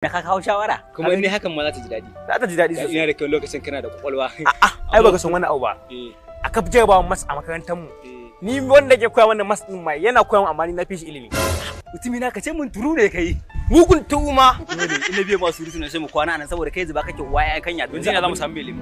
Me ka kawo shawara? Kuma ni hakan ma za ta ji daɗi. Za ta ji daɗi sosai. Ina da kyau lokacin kana da kwakwalwa. A'a, ai baka san wani abu ba. Eh. A kaf jarabawan mas a makarantar mu. Eh. Ni wanda ke koya mana mas din mai yana koya amma ni na fi shi ilimi. Mutumi na ka ce mun turu ne kai. Mugun tuuma. Ina biye masu surutu na sai mu kwana nan saboda kai zuba kake waya kan ya. Don jina za mu samu ilimi.